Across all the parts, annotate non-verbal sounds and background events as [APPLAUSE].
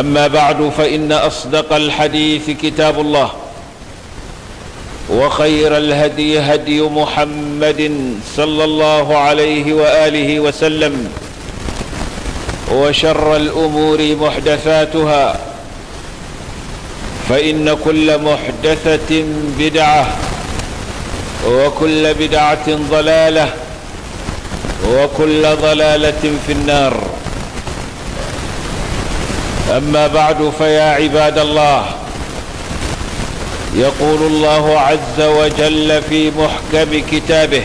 أما بعد فإن أصدق الحديث كتاب الله وخير الهدي هدي محمد صلى الله عليه وآله وسلم وشر الأمور محدثاتها فإن كل محدثة بدعة وكل بدعة ضلالة وكل ضلالة في النار أما بعد فيا عباد الله يقول الله عز وجل في محكم كتابه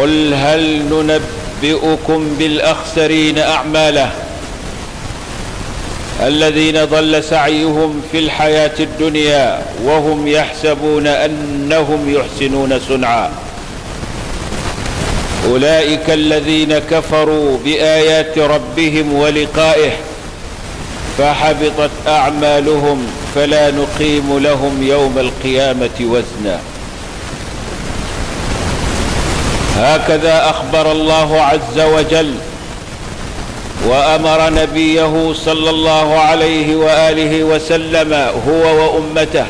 قل هل ننبئكم بالأخسرين أعماله الذين ضل سعيهم في الحياة الدنيا وهم يحسبون أنهم يحسنون صنعاً أولئك الذين كفروا بآيات ربهم ولقائه فحبطت أعمالهم فلا نقيم لهم يوم القيامة وزنا هكذا أخبر الله عز وجل وأمر نبيه صلى الله عليه وآله وسلم هو وأمته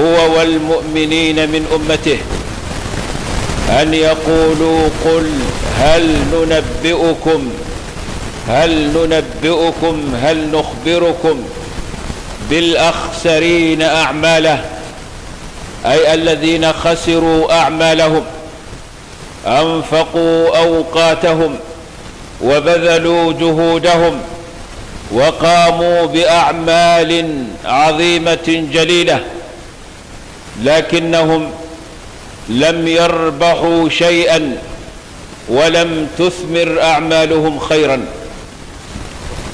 هو والمؤمنين من أمته أن يقولوا قل هل ننبئكم هل ننبئكم هل نخبركم بالأخسرين أعماله أي الذين خسروا أعمالهم أنفقوا أوقاتهم وبذلوا جهودهم وقاموا بأعمال عظيمة جليلة لكنهم لم يربحوا شيئا ولم تثمر أعمالهم خيرا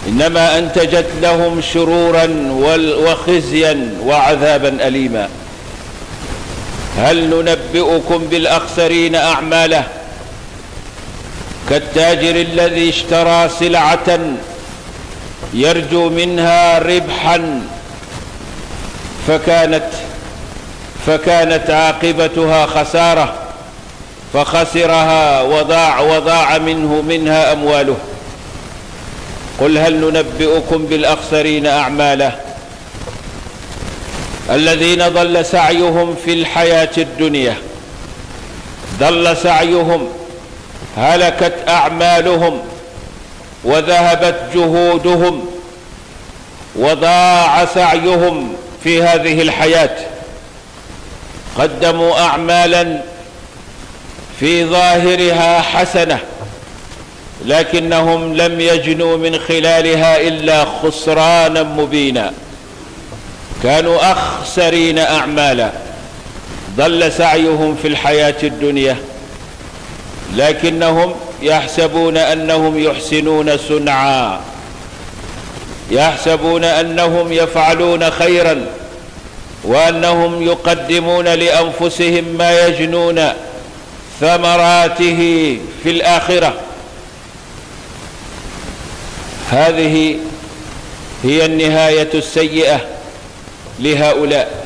إنما أنتجت لهم شرورا وخزيا وعذابا أليما هل ننبئكم بالأخسرين أعماله كالتاجر الذي اشترى سلعة يرجو منها ربحا فكانت فكانت عاقبتها خسارة فخسرها وضاع وضاع منه منها أمواله قل هل ننبئكم بالأخسرين أعماله الذين ضل سعيهم في الحياة الدنيا ضل سعيهم هلكت أعمالهم وذهبت جهودهم وضاع سعيهم في هذه الحياة قدموا أعمالا في ظاهرها حسنة لكنهم لم يجنوا من خلالها إلا خسرانا مبينا كانوا أخسرين أعمالا ضل سعيهم في الحياة الدنيا لكنهم يحسبون أنهم يحسنون صنعا يحسبون أنهم يفعلون خيراً وأنهم يقدمون لأنفسهم ما يجنون ثمراته في الآخرة هذه هي النهاية السيئة لهؤلاء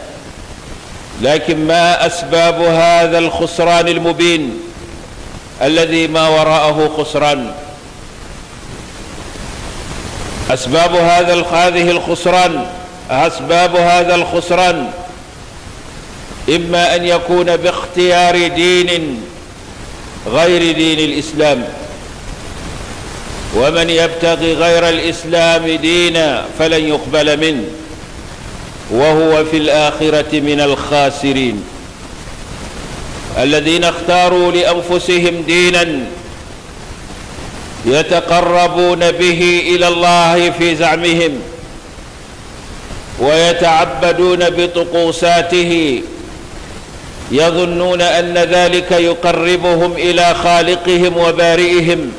لكن ما أسباب هذا الخسران المبين الذي ما وراءه خسران أسباب هذا هذه الخسران أسباب هذا الخسران إما أن يكون باختيار دين غير دين الإسلام ومن يبتغي غير الإسلام دينا فلن يقبل منه وهو في الآخرة من الخاسرين الذين اختاروا لأنفسهم دينا يتقربون به إلى الله في زعمهم ويتعبدون بطقوساته يظنون أن ذلك يقربهم إلى خالقهم وبارئهم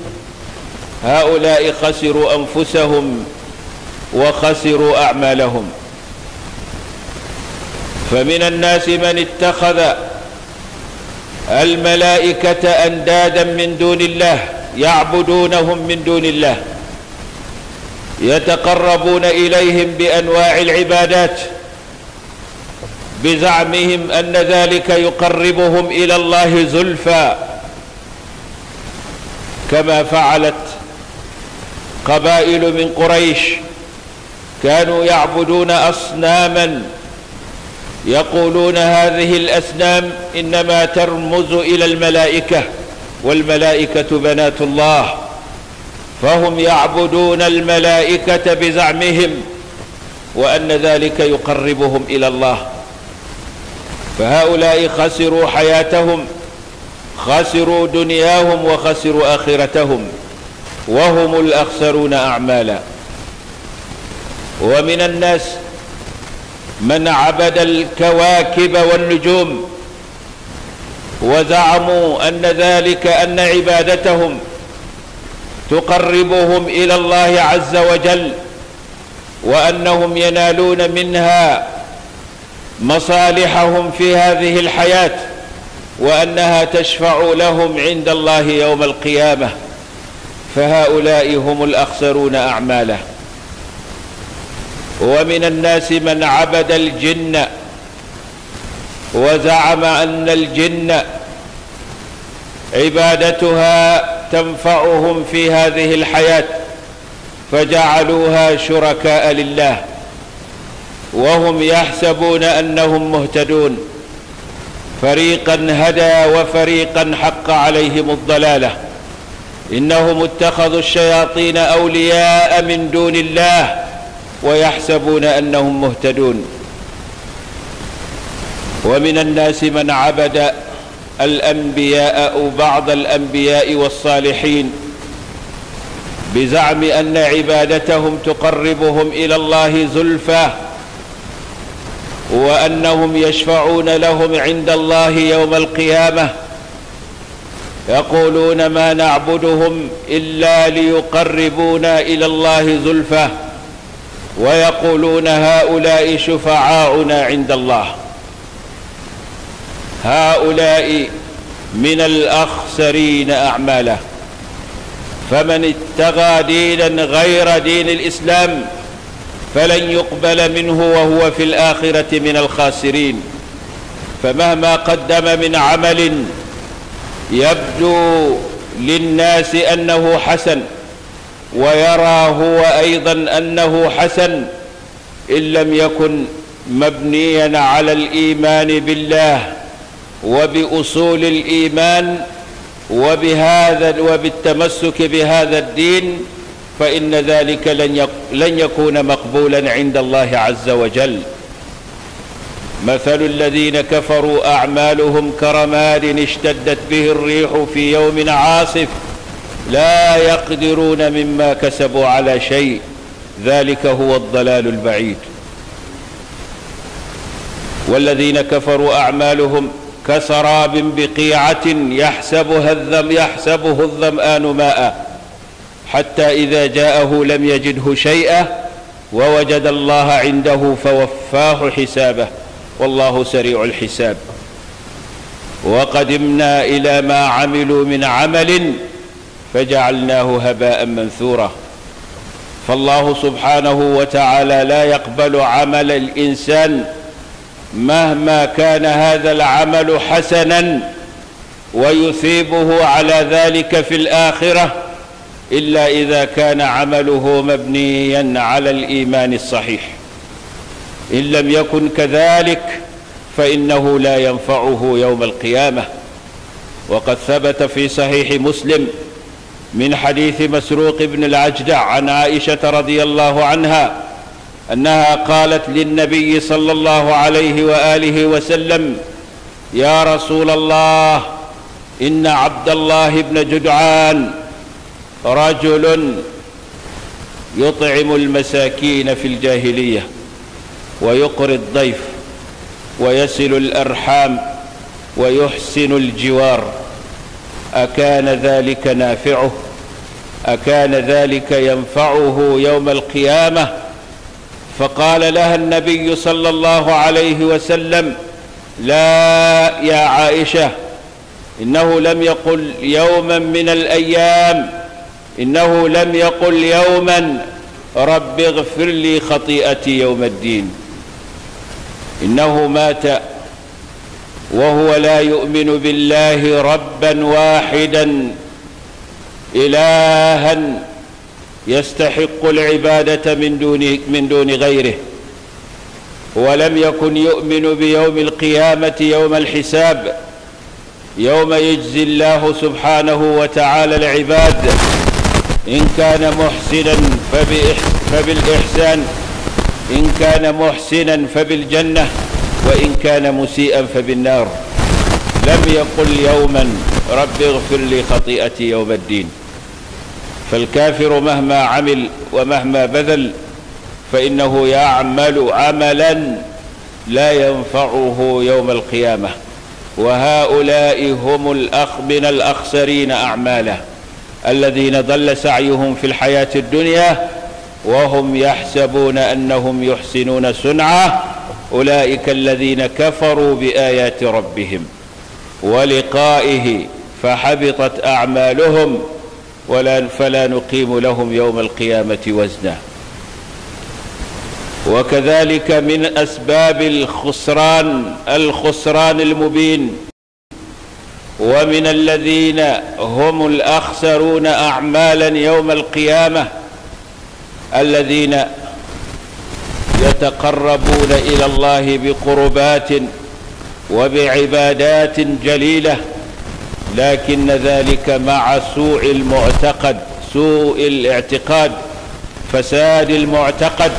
هؤلاء خسروا أنفسهم وخسروا أعمالهم فمن الناس من اتخذ الملائكة أندادا من دون الله يعبدونهم من دون الله يتقربون إليهم بأنواع العبادات بزعمهم أن ذلك يقربهم إلى الله زلفى كما فعلت قبائل من قريش كانوا يعبدون أصناما يقولون هذه الأصنام إنما ترمز إلى الملائكة والملائكة بنات الله فهم يعبدون الملائكة بزعمهم وأن ذلك يقربهم إلى الله فهؤلاء خسروا حياتهم خسروا دنياهم وخسروا آخرتهم وهم الأخسرون أعمالا ومن الناس من عبد الكواكب والنجوم وزعموا أن ذلك أن عبادتهم تقربهم إلى الله عز وجل وأنهم ينالون منها مصالحهم في هذه الحياة وأنها تشفع لهم عند الله يوم القيامة فهؤلاء هم الأخسرون أعماله ومن الناس من عبد الجن وزعم أن الجن عبادتها تنفعهم في هذه الحياة فجعلوها شركاء لله وهم يحسبون أنهم مهتدون فريقا هدى وفريقا حق عليهم الضلاله إنهم اتخذوا الشياطين أولياء من دون الله ويحسبون أنهم مهتدون ومن الناس من عبد الأنبياء أو بعض الأنبياء والصالحين بزعم أن عبادتهم تقربهم إلى الله زلفى وأنهم يشفعون لهم عند الله يوم القيامة يقولون ما نعبدهم إلا ليقربونا إلى الله زلفى ويقولون هؤلاء شفعاؤنا عند الله هؤلاء من الأخسرين أعماله فمن اتغى دينا غير دين الإسلام فلن يقبل منه وهو في الآخرة من الخاسرين فمهما قدم من عمل يبدو للناس أنه حسن ويرى هو أيضا أنه حسن إن لم يكن مبنيا على الإيمان بالله وبأصول الإيمان وبهذا وبالتمسك بهذا الدين فإن ذلك لن لن يكون مقبولا عند الله عز وجل مثل الذين كفروا أعمالهم كرماد اشتدت به الريح في يوم عاصف لا يقدرون مما كسبوا على شيء ذلك هو الضلال البعيد والذين كفروا أعمالهم كسراب بقيعة يحسبها الذم يحسبه الظمآن ماء حتى إذا جاءه لم يجده شيئا ووجد الله عنده فوفاه حسابه والله سريع الحساب وقدمنا إلى ما عملوا من عمل فجعلناه هباء منثورا فالله سبحانه وتعالى لا يقبل عمل الإنسان مهما كان هذا العمل حسنا ويثيبه على ذلك في الآخرة إلا إذا كان عمله مبنيا على الإيمان الصحيح إن لم يكن كذلك فإنه لا ينفعه يوم القيامة وقد ثبت في صحيح مسلم من حديث مسروق بن العجدع عن عائشة رضي الله عنها انها قالت للنبي صلى الله عليه واله وسلم يا رسول الله ان عبد الله بن جدعان رجل يطعم المساكين في الجاهليه ويقري الضيف ويسل الارحام ويحسن الجوار اكان ذلك نافعه اكان ذلك ينفعه يوم القيامه فقال لها النبي صلى الله عليه وسلم لا يا عائشة إنه لم يقل يوما من الأيام إنه لم يقل يوما رب اغفر لي خطيئتي يوم الدين إنه مات وهو لا يؤمن بالله ربا واحدا إلها يستحق العبادة من دون, من دون غيره ولم يكن يؤمن بيوم القيامة يوم الحساب يوم يجزي الله سبحانه وتعالى العباد إن كان محسنا فبالإحسان إن كان محسنا فبالجنة وإن كان مسيئا فبالنار لم يقل يوما رب اغفر لي خطيئتي يوم الدين فالكافر مهما عمل ومهما بذل فإنه يعمل عملا لا ينفعه يوم القيامة وهؤلاء هم الأخبن الأخسرين أعماله الذين ضل سعيهم في الحياة الدنيا وهم يحسبون أنهم يحسنون صنعا أولئك الذين كفروا بآيات ربهم ولقائه فحبطت أعمالهم ولا فلا نقيم لهم يوم القيامة وزنا وكذلك من أسباب الخسران الخسران المبين ومن الذين هم الأخسرون أعمالا يوم القيامة الذين يتقربون إلى الله بقربات وبعبادات جليلة لكن ذلك مع سوء المعتقد سوء الاعتقاد فساد المعتقد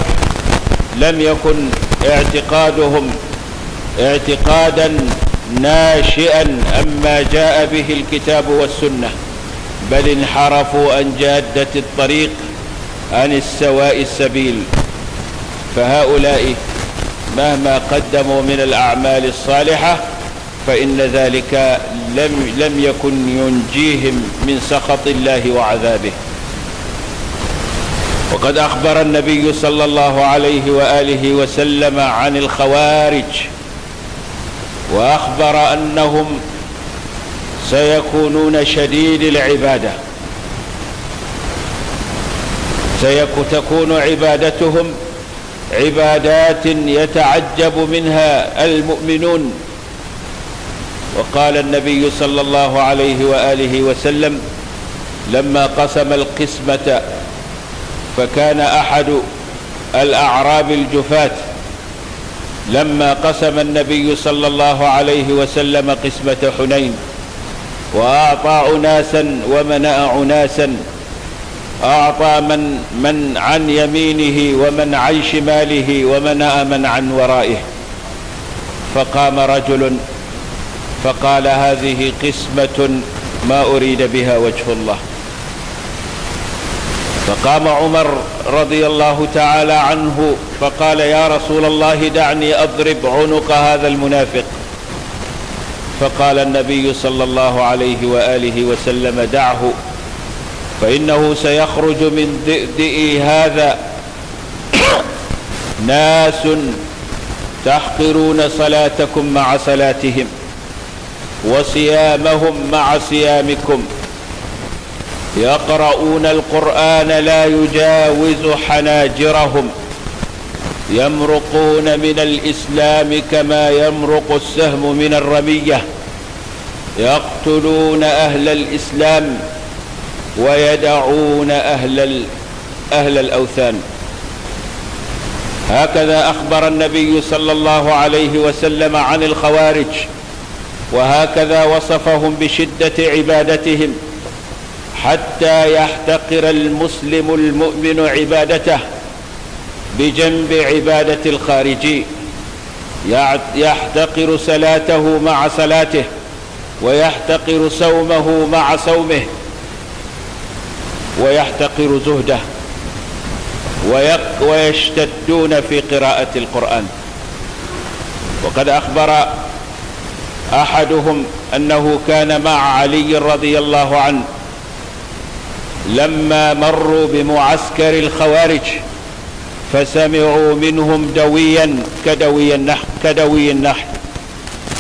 لم يكن اعتقادهم اعتقادا ناشئا أما جاء به الكتاب والسنة بل انحرفوا عن جادة الطريق عن السواء السبيل فهؤلاء مهما قدموا من الأعمال الصالحة فإن ذلك لم, لم يكن ينجيهم من سخط الله وعذابه وقد أخبر النبي صلى الله عليه وآله وسلم عن الخوارج وأخبر أنهم سيكونون شديد العبادة سيكون عبادتهم عبادات يتعجب منها المؤمنون قال النبي صلى الله عليه وآله وسلم لما قسم القسمة فكان أحد الأعراب الجفاة لما قسم النبي صلى الله عليه وسلم قسمة حنين وأعطى أناسا ومنأ أناسا أعطى من, من عن يمينه ومن عن شماله ومنأ من عن ورائه فقام رجل فقال هذه قسمة ما أريد بها وجه الله فقام عمر رضي الله تعالى عنه فقال يا رسول الله دعني أضرب عنق هذا المنافق فقال النبي صلى الله عليه وآله وسلم دعه فإنه سيخرج من دئدئ هذا ناس تحقرون صلاتكم مع صلاتهم وصيامهم مع صيامكم يقرؤون القرآن لا يجاوز حناجرهم يمرقون من الإسلام كما يمرق السهم من الرمية يقتلون أهل الإسلام ويدعون أهل, أهل الأوثان هكذا أخبر النبي صلى الله عليه وسلم عن الخوارج وهكذا وصفهم بشدة عبادتهم حتى يحتقر المسلم المؤمن عبادته بجنب عبادة الخارجي يحتقر صلاته مع صلاته ويحتقر صومه مع صومه ويحتقر زهده ويشتدون في قراءة القرآن وقد أخبر أحدهم أنه كان مع علي رضي الله عنه لما مروا بمعسكر الخوارج فسمعوا منهم دويا كدوي النحل, كدوي النحل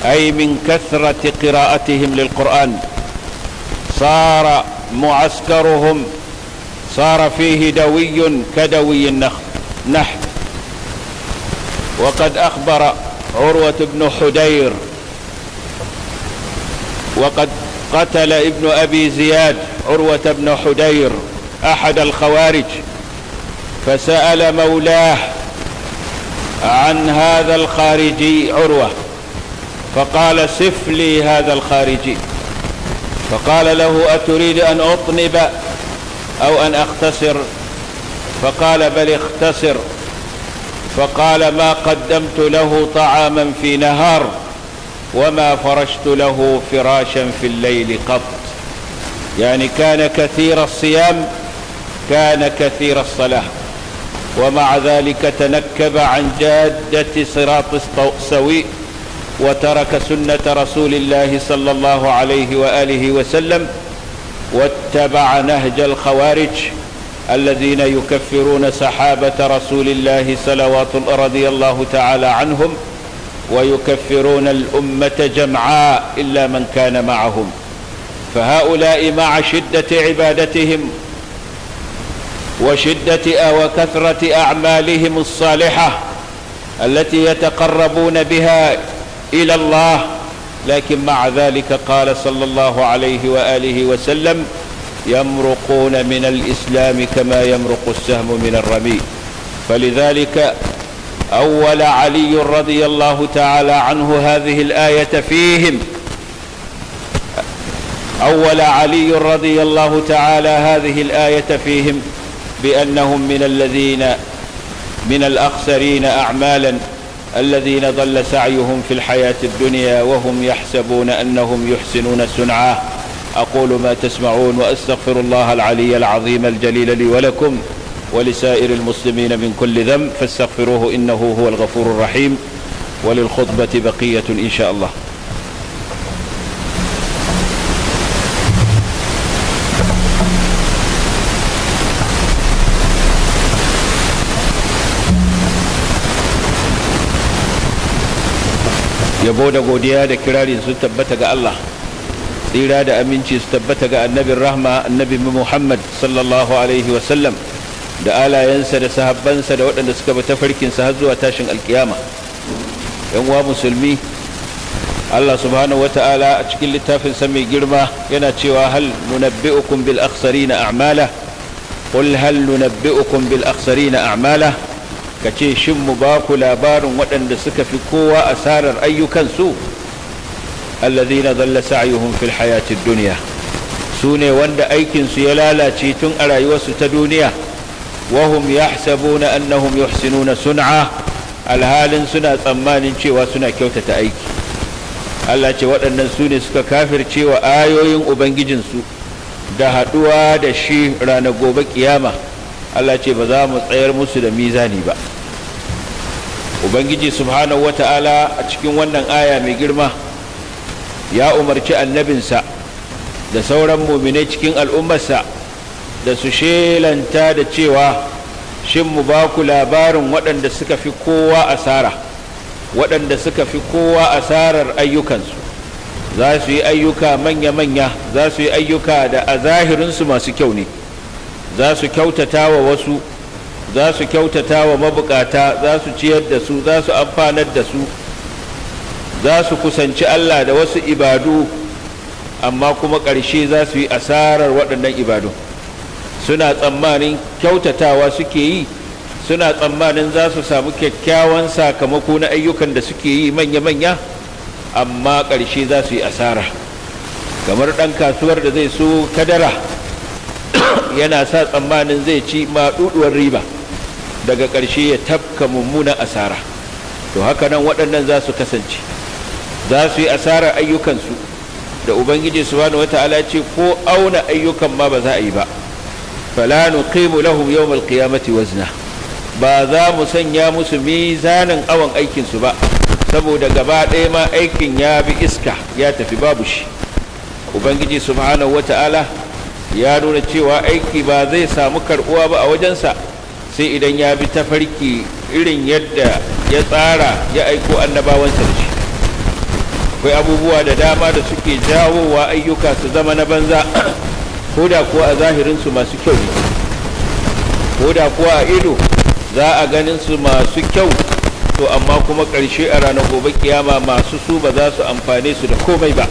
أي من كثرة قراءتهم للقرآن صار معسكرهم صار فيه دوي كدوي النحل وقد أخبر عروة بن حدير وقد قتل ابن أبي زياد عروة بن حدير أحد الخوارج فسأل مولاه عن هذا الخارجي عروة فقال سف لي هذا الخارجي فقال له أتريد أن أطنب أو أن أختصر فقال بل اختصر فقال ما قدمت له طعاما في نهار وما فرشت له فراشا في الليل قط يعني كان كثير الصيام كان كثير الصلاة ومع ذلك تنكب عن جادة صراط سويء وترك سنة رسول الله صلى الله عليه وآله وسلم واتبع نهج الخوارج الذين يكفرون سحابة رسول الله صلوات رضي الله تعالى عنهم ويكفرون الأمة جمعاء إلا من كان معهم فهؤلاء مع شدة عبادتهم وشدة وكثرة أعمالهم الصالحة التي يتقربون بها إلى الله لكن مع ذلك قال صلى الله عليه وآله وسلم يمرقون من الإسلام كما يمرق السهم من الرمي فلذلك أول علي رضي الله تعالى عنه هذه الآية فيهم أول علي رضي الله تعالى هذه الآية فيهم بأنهم من الذين من الأخسرين أعمالا الذين ضل سعيهم في الحياة الدنيا وهم يحسبون أنهم يحسنون صنعا أقول ما تسمعون وأستغفر الله العلي العظيم الجليل لي ولكم ولسائر المسلمين من كل ذنب فاستغفروه إنه هو الغفور الرحيم وللخطبة بقية إن شاء الله yabo da godiya da kirari su tabbata ga Allah tsira da aminci su tabbata ga annabin rahma annabin muhammad sallallahu alaihi wasallam da alayansa da sahabbansa da waɗanda suka bi tafarkinsa har zuwa tashin alkiyama yan uwa musulmi Allah subhanahu wata'ala a cikin littafin sa mai girma yana cewa hal nunabbi'ukum bil akhsarina a'mala qul hal nunabbi'ukum bil akhsarina a'mala kace shin mu ba ku labarin waɗanda suka fi kowa asarar ayyukansu alladhina dhalla sa'yuhum fil hayatid dunya sune ne wanda aikinsu ya lalace tun a rayuwarsu ta duniya wahum yahsabuna annahum yuhsinuna sun'a alhalin suna tsammanin cewa suna kyautata aiki Allah ce waɗannan su ne suka kafircewa ayoyin ubangijinsu da haɗuwa da shi ranar gobe kiyama Allah ce ba za mu tsayar musu da mizani ba ubangiji subhanahu ta'ala a cikin wannan aya mai girma ya umarci annabinsa da sauran muminai cikin al'ummarsa da su shelanta da cewa shin mu ba ku labarin waɗanda suka fi kowa asara waɗanda suka fi kowa asarar ayyukansu za su yi ayyuka manya-manya za su yi ayyuka da a zahirinsu masu kyau ne za su kyautata wa wasu za su kyautata wa mabukata za su ciyar da su za su amfanar da su za su kusanci allah da wasu ibadu amma kuma ƙarshe za su yi asarar waɗannan ibadun suna tsammanin kyautatawa suke yi suna tsammanin za su samu kyakkyawan sakamako na ayyukan da suke yi manya-manya amma ƙarshe za su yi asara kamar ɗan kasuwar da zai so kadara [COUGHS] yana sa tsammanin zai ci maɗuɗuwar riba daga ƙarshe ya tafka mummunan asara to haka nan waɗannan za su kasance za su yi asarar ayyukansu da ubangiji subhanahu ala ce ko auna ayyukan ma ba za a yi ba fala nuqimu lahum yawm alqiyamati wazna ba za mu sanya musu mizanin awon aikin su ba saboda gaba ɗaya ma aikin ya bi iska ya tafi babu shi ubangiji subhanahu wata'ala ya nuna cewa aiki ba zai samu karbuwa ba a wajensa sai idan ya bi tafarki irin yadda ya tsara ya aiko annabawansa da shi akwai abubuwa da dama da suke jawowa ayyuka su zama na banza ko da kuwa a zahirinsu masu kyau ne ko da kuwa a ido za a ganin su masu kyau to amma kuma ƙarshe a ranar gobe kiyama masu su ba za su amfane su da komai ba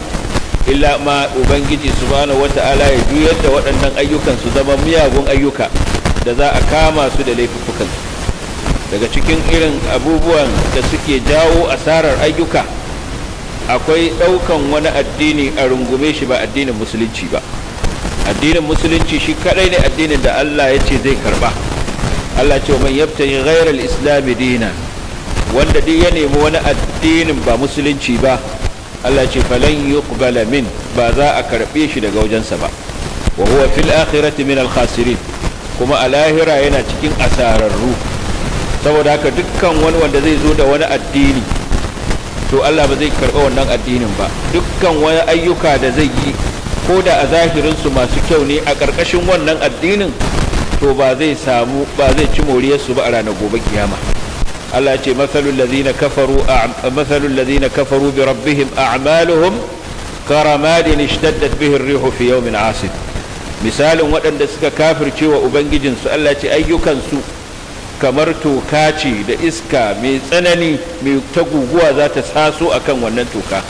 illa ma ubangiji su wata wata'ala ya juyar da waɗannan ayyukan su zama miyagun ayyuka da za a kama su da laifukan daga cikin irin abubuwan da suke jawo asarar ayyuka akwai ɗaukan wani addini a rungume shi ba addinin musulunci ba addinin musulunci shi kadai ne addinin da Allah ya ce zai karba Allah ce man yabtahi ghayra al-islam dinan wanda duk ya nemi wani addinin ba musulunci ba Allah ce falan yuqbala min ba za a karbe shi daga wajensa ba wa huwa fil akhirati min al-khasirin kuma a lahira yana cikin asararru saboda haka dukkan wani wanda zai zo da wani addini to Allah ba zai karɓa wannan addinin ba dukkan wani ayyuka da zai yi ko da a zahirinsu masu kyau ne a ƙarƙashin wannan addinin to ba zai samu ba zai ci moriyarsu ba a ranar gobe kiyama Allah ce masalul ladina na kafaru bi rabbihim a'maluhum karamadin ishtaddat bihi rihu fi yawmin 'asif misalin waɗanda suka kafirce wa ubangijinsu Allah ce ayyukansu kamar toka ce da iska mai tsanani mai ta guguwa za ta saso akan wannan toka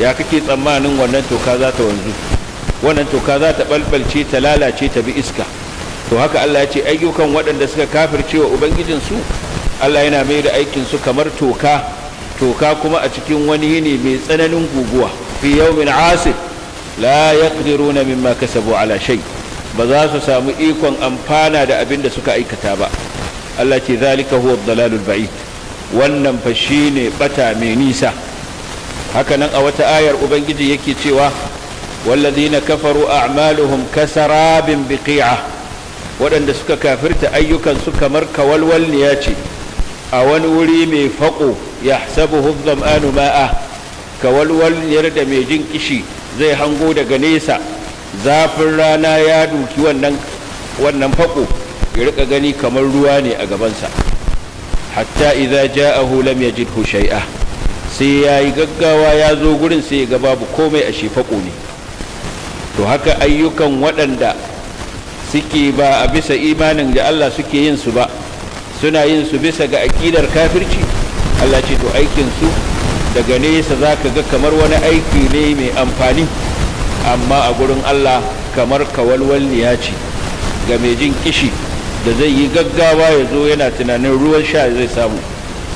ya kake tsammanin wannan toka za ta wanzu wannan toka za ta balbalce ta lalace ta bi iska to haka Allah ya ce ayyukan waɗanda suka kafirce wa ubangijinsu Allah yana mai da aikin su kamar toka toka kuma a cikin wani yini mai tsananin guguwa fi yawmin asif la yaqdiruna mimma kasabu ala shay ba za su samu ikon amfana da abin da suka aikata ba Allah ce zalika huwa dalalul ba'id wannan fa shine bata mai nisa hakanan a wata ayar ubangiji yake cewa والذين كفروا أعمالهم كسراب بقيعة waɗanda suka kafirta ayyukansu kamar kawalwalliya ce a wani wuri mai faƙo ya sabu hufzam anu ma'a kawalwalliyar da mai jin kishi zai hango daga nesa zafin rana ya duki wannan faƙo ya gani kamar ruwa ne a gabansa hatta idza ja'ahu lam yajidhu shay'a sai yayi gaggawa ya zo wurin sai ga babu komai a shi faƙo ne to haka ayyukan waɗanda suke ba a bisa imanin da Allah suke yin su ba suna yin su bisa ga aƙidar kafirci Allah ce to aikin su daga nesa za ka ga kamar wani aiki ne mai amfani amma a gurin Allah kamar kawalwalliya ce ga mai jin kishi da zai yi gaggawa ya zo yana tunanin ruwan sha zai samu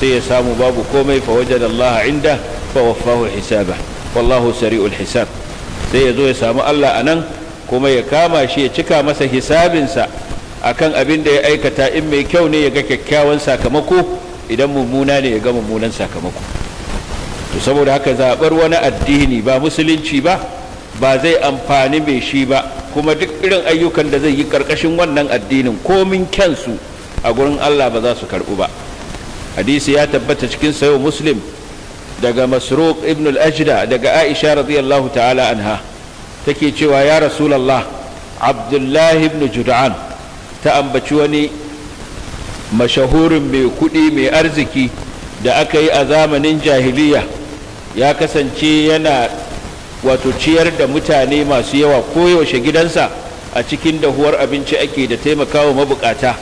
sai ya samu babu komai fa wajen Allah inda fa wafahu hisaba wallahu sari'ul hisab sai ya zo ya samu Allah a nan kuma ya kama shi ya cika masa hisabinsa a kan abin da ya aikata in mai kyau ne ya ga kyakkyawan sakamako idan mummuna ne ya ga mummunan sakamako to saboda haka zaɓar wani addini ba musulunci ba ba zai amfani mai shi ba kuma duk irin ayyukan da zai yi ƙarƙashin wannan addinin komin kyansu a gurin Allah ba za su karɓu ba hadisi ya tabbata cikin sayo muslim daga masruq ibn al-ajda daga aisha radiyallahu ta'ala anha take cewa ya rasulullah abdullahi ibn jud'an ta ambaci wani mashahurin mai kuɗi mai arziki da aka yi a zamanin jahiliya ya kasance yana wato ciyar da mutane masu yawa koyaushe gidansa a cikin dahuwar abinci ake da taimakawa mabukata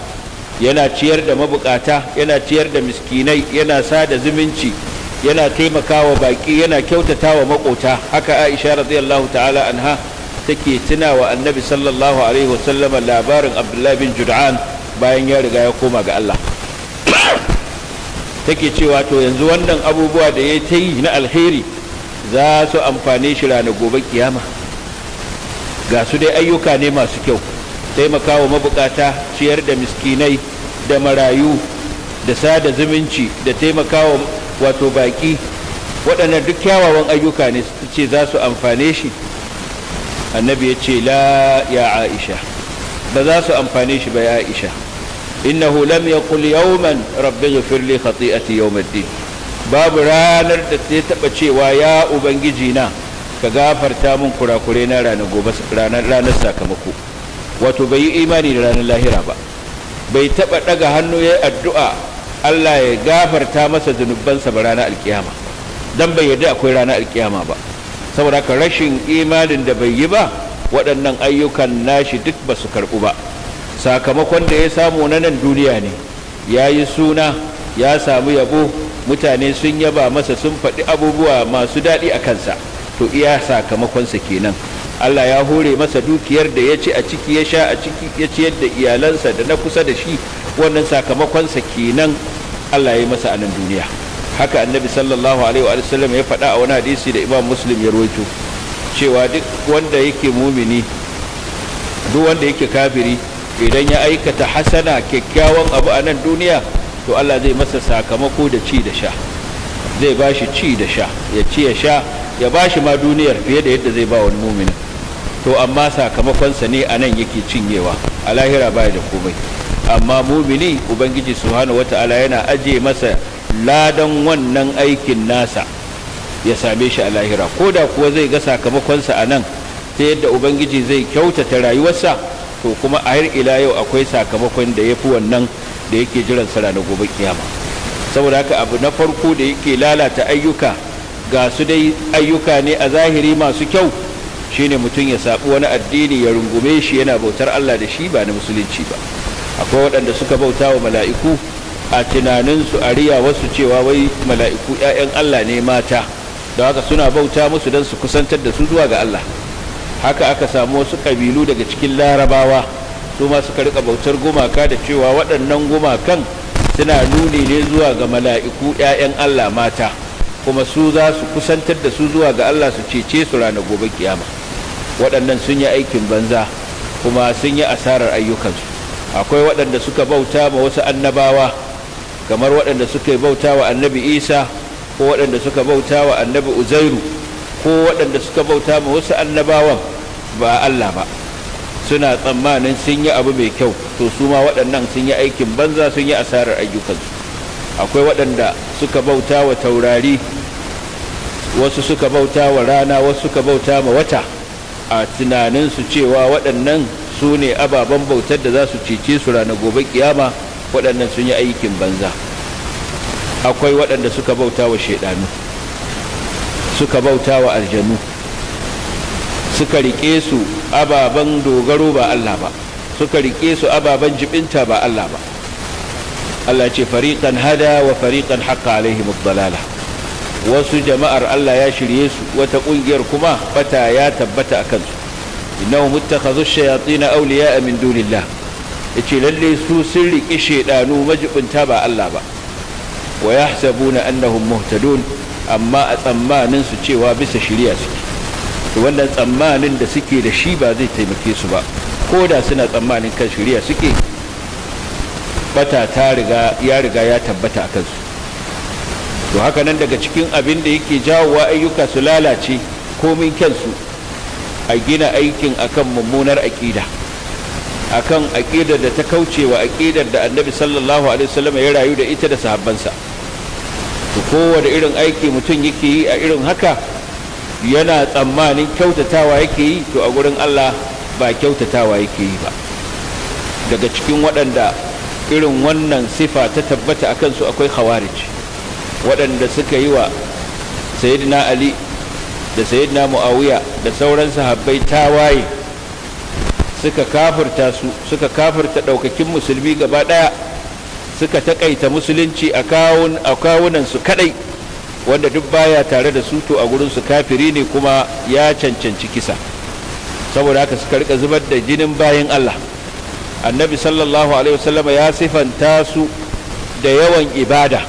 yana ciyar da mabukata yana ciyar da miskinai yana sa da zumunci yana taimakawa baki yana kyautata wa makota haka Aisha radiyallahu ta'ala anha take tuna wa Annabi sallallahu alaihi wasallam labarin abdullahi bin Jud'an bayan ya riga ya koma ga Allah [COUGHS] take cewa to yanzu wannan abubuwa da ya ta yi na alheri za su amfane shi ranar gobe kiyama ga su dai ayyuka ne masu kyau taimakawa mabukata ciyar da miskinai da marayu da sada zumunci da taimakawa wato baƙi waɗannan duk kyawawan ayyuka ne ce za su amfane shi annabi ya ce la ya aisha ba za su amfane shi ba ya aisha innahu lam yaqul yawman rabbi ighfir li khati'ati yawmiddin babu ranar da ta taba cewa ya ubangiji na ka gafarta min kurakure na ranar gobe ranar sakamako wato bai yi imani da ranar lahira ba bai taɓa ɗaga hannu yi addu'a Allah ya gafarta masa zunubansa ba rana alkiyama don bai yadda akwai ranar alkiyama ba saboda haka rashin imanin da bai yi ba waɗannan ayyukan nashi duk ba su karɓu ba sakamakon da ya samu na nan duniya ne ya yi suna ya samu yabo mutane sun yaba masa sun faɗi abubuwa masu daɗi a kansa to iya sakamakonsa kenan Allah ya hore masa dukiyar da ya ci a ciki ya sha a ciki ya ciyar da iyalansa da na kusa da shi wannan sakamakonsa kenan Allah ya yi masa a nan duniya haka annabi sallallahu alaihi wa sallam ya faɗa a wani hadisi da imam muslim ya rawaito cewa duk wanda yake mumini duk wanda yake kafiri idan ya aikata hasana kyakkyawan abu a nan duniya to Allah zai masa sakamako da ci da sha zai ba shi ci da sha ya ci ya sha ya ba shi ma duniyar fiye da yadda zai ba wani mumini to amma sakamakonsa ne a nan yake cinyewa a lahira baya da komai amma mumini ubangiji subhanahu wata'ala yana aje masa ladan wannan aikin nasa ya same shi a lahira ko da kuwa zai ga sakamakonsa a nan ta yadda ubangiji zai kyautata rayuwarsa to kuma a har ila yau akwai sakamakon da ya fi wannan da yake jiran sa ranar gobe kiyama saboda haka abu na farko da yake lalata ayyuka ga su dai ayyuka ne a zahiri masu kyau shine mutum ya saɓi wani addini ya rungume shi yana bautar allah da shi ba na musulunci ba akwai waɗanda suka bauta wa mala'iku a tunaninsu a riya wasu cewa wai mala'iku 'ya'yan Allah ne mata da haka suna bauta musu don su kusantar da su zuwa ga Allah haka aka samu wasu ƙabilu daga cikin larabawa su ma suka rika bautar gumaka da cewa waɗannan gumakan suna nuni ne zuwa ga mala'iku 'ya'yan Allah mata kuma su za su kusantar da su zuwa ga Allah su cece su ranar gobe kiyama waɗannan sun yi aikin banza kuma sun yi asarar ayyukansu akwai waɗanda suka bauta ma wasu annabawa kamar waɗanda suka bauta wa annabi isa ko waɗanda suka bauta wa annabi uzairu ko waɗanda suka bauta ma wasu annabawan ba allah ba suna tsammanin sun yi abu mai kyau to su ma waɗannan sun yi aikin banza sun yi asarar ayyukansu akwai waɗanda suka bauta wa taurari wasu suka bauta wa rana wasu suka bauta ma wata a tunaninsu cewa waɗannan su ne ababen bautar da za su cece su ranar gobe kiyama waɗannan sun yi aikin banza akwai waɗanda suka bauta wa shaidanu suka bauta wa aljanu suka riƙe su ababen dogaro ba Allah ba suka riƙe su ababen jibinta ba Allah ba Allah ce fariƙan hada wa fariƙan haƙa alaihim dalala wasu jama'ar Allah ya shirye su wata ƙungiyar kuma bata ya tabbata a kansu innahum ittakhadhu ash-shayatin awliya'a min dunillah yace lalle su sun riki shedanu majibinta ba Allah ba wa yahsabuna annahum muhtadun amma a tsammanin su cewa bisa shari'a suke wannan tsammanin da suke da shi ba zai taimake su ba ko da suna tsammanin kan shari'a suke bata ta riga ya riga ya tabbata a kansu to haka nan daga cikin abin da yake jawowa ayyuka su lalace komin kyansu a gina aikin akan mummunar aƙida akan aƙidar da ta kauce wa aƙidar da annabi sallallahu alaihi wasallam ya rayu da ita da sahabbansa to kowane irin aiki mutum yake yi a irin haka yana tsammanin kyautatawa yake yi to a gurin Allah ba kyautatawa yake yi ba daga cikin waɗanda irin wannan sifa ta tabbata akan su akwai khawarij waɗanda suka yi wa sayyidina ali da sayyidina muawiya da sauran sahabbai waye suka kafirta su suka kafirta daukakin musulmi gaba daya suka takaita musulunci a kawunan su kadai wanda duk baya tare da su to a gurin su kafiri ne kuma ya cancanci kisa saboda haka suka rika zubar da jinin bayan Allah annabi sallallahu alaihi wasallama ya sifanta su da yawan ibada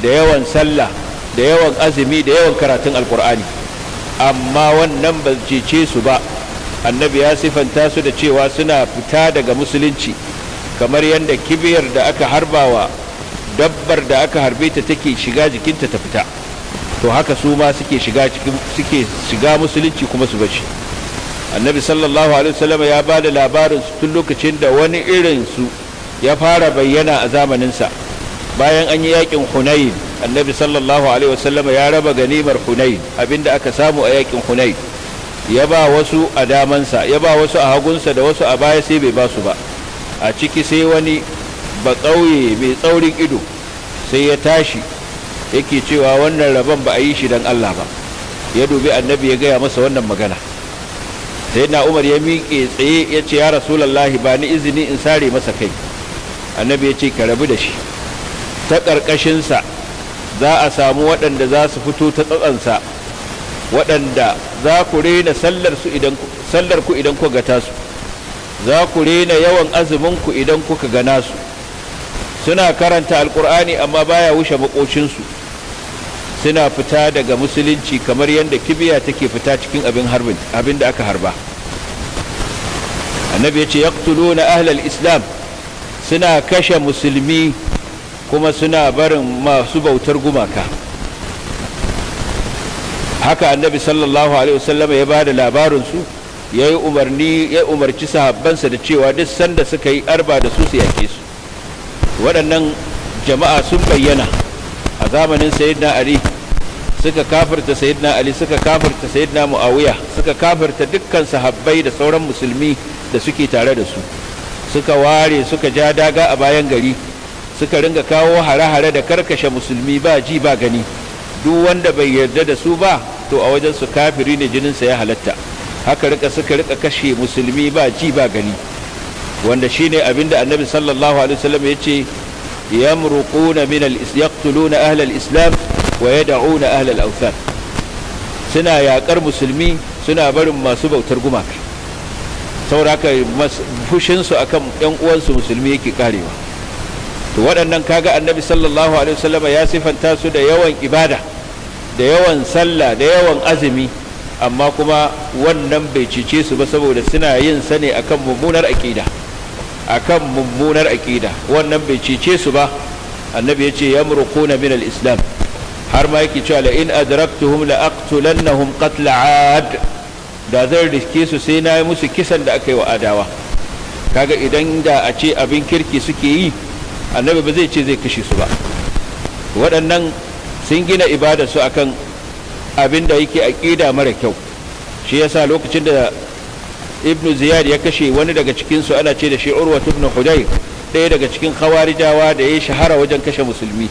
da yawan sallah da yawan azumi da yawan karatun alkur'ani amma wannan ba cece su ba annabi ya sifanta su da cewa suna fita daga musulunci kamar yadda kibiyar da aka harbawa dabbar da aka harbe ta take shiga jikinta ta fita to haka su ma suke shiga cikin suke shiga musulunci kuma su bace annabi sallallahu alaihi wasallam ya ba da labarin su tun lokacin da wani irin su ya fara bayyana a zamaninsa bayan an yi yakin hunayin annabi sallallahu alaihi wasallam ya raba ganimar hunai abinda aka samu a yakin hunai ya ba wasu a damansa ya ba wasu a hagunsa da wasu a baya sai bai basu ba a ciki sai wani ba ƙauye mai tsaurin ido sai ya tashi yake cewa wannan rabon ba a yi shi don Allah ba ya dubi annabi ya gaya masa wannan magana sai na umar ya miƙe tsaye ya ce ya rasulallahi ba ni izini in sare masa kai annabi ya ce ka rabu da shi ta ƙarƙashinsa za a samu waɗanda za su fito ta tsatsansa waɗanda za ku rena sallar ku idan ku gata su za ku rena yawan azumin ku idan kuka gana su suna karanta alkur'ani amma baya wuce makocinsu suna fita daga musulunci kamar yadda kibiya take fita cikin abin da aka harba annabi ya ce yaktuluna ahlal islam suna kashe musulmi kuma suna barin masu bautar gumaka haka annabi sallallahu alaihi wasallama ya bada labarin su ya umarci sahabbansa da cewa duk sanda suka yi arba da su su yake su waɗannan jama'a sun bayyana a zamanin sayyidina ali suka kafirta sayyidina ali suka kafirta sayyidina muawiya suka kafirta dukkan sahabbai da sauran musulmi da suke tare da su suka ware suka ja daga a bayan gari suka ringa kawo hare-hare da karkashe musulmi ba ji ba gani duk wanda bai yarda da su ba to a wajen su kafiri ne jininsa ya halatta haka rika suka rika kashe musulmi ba ji ba gani wanda shine abinda annabi sallallahu alaihi wasallam ya ce yamruquna min yaqtuluna ahla al-islam wa yad'una ahla al-awthan suna yakar musulmi suna barin masu bautar gumaka saboda haka fushinsu akan yan uwansu musulmi yake karewa waɗannan kaga annabi sallallahu alaihi wasallam ya sifanta su da yawan ibada da yawan sallah da yawan azumi amma kuma wannan bai cice su ba saboda suna yin sa ne akan mummunar aqida akan mummunar aqida wannan bai cice su ba annabi yace yamruquna min al-islam har ma yake cewa la in adraktuhum la aqtulannahum qatl aad da zan riske su sai na yi musu kisan da aka yi wa adawa kaga idan da a ce abin kirki suke yi annabi ba zai ce zai kashe su ba waɗannan sun gina ibada su akan abin da yake aƙida mara kyau shi yasa lokacin da ibn ziyad ya kashe wani daga cikin su ana ce da shi urwa ibn hudayr ɗaya daga cikin khawarijawa da ya shahara wajen kashe musulmi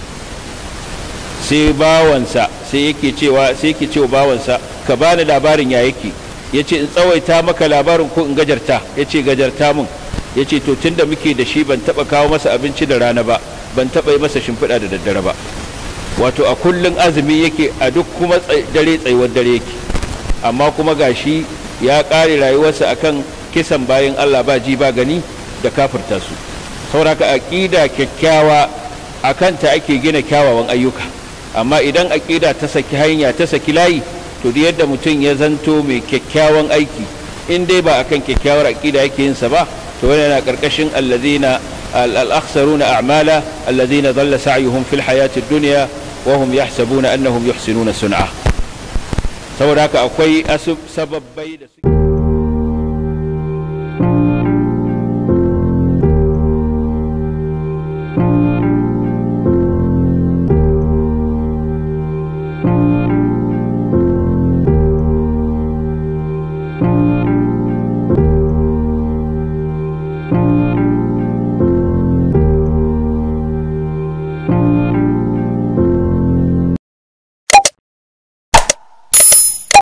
sai bawansa sai yake cewa sai yake cewa bawansa ka bani labarin ya yake yace in tsawaita maka labarin ko in gajarta yace gajarta mun ya ce to tun da muke da shi ban taba kawo masa abinci da rana ba ban taba yi masa shimfiɗa da daddare ba wato a kullum azumi yake a duk kuma dare tsayuwar dare yake amma kuma ga shi ya ƙare rayuwarsa akan kisan bayan allah ba ji ba gani da kafirta su sauraka aƙida kyakkyawa a kanta ake gina kyawawan ayyuka amma idan aƙida ta saki hanya ta saki layi to da yadda mutum ya zanto mai kyakkyawan aiki in dai ba akan kyakkyawar aƙida yake yinsa ba تولى كركشن الذين الاخسرون اعمالا الذين ضل سعيهم في الحياه الدنيا وهم يحسبون انهم يحسنون صنعه. سوداك اكوي سبب بين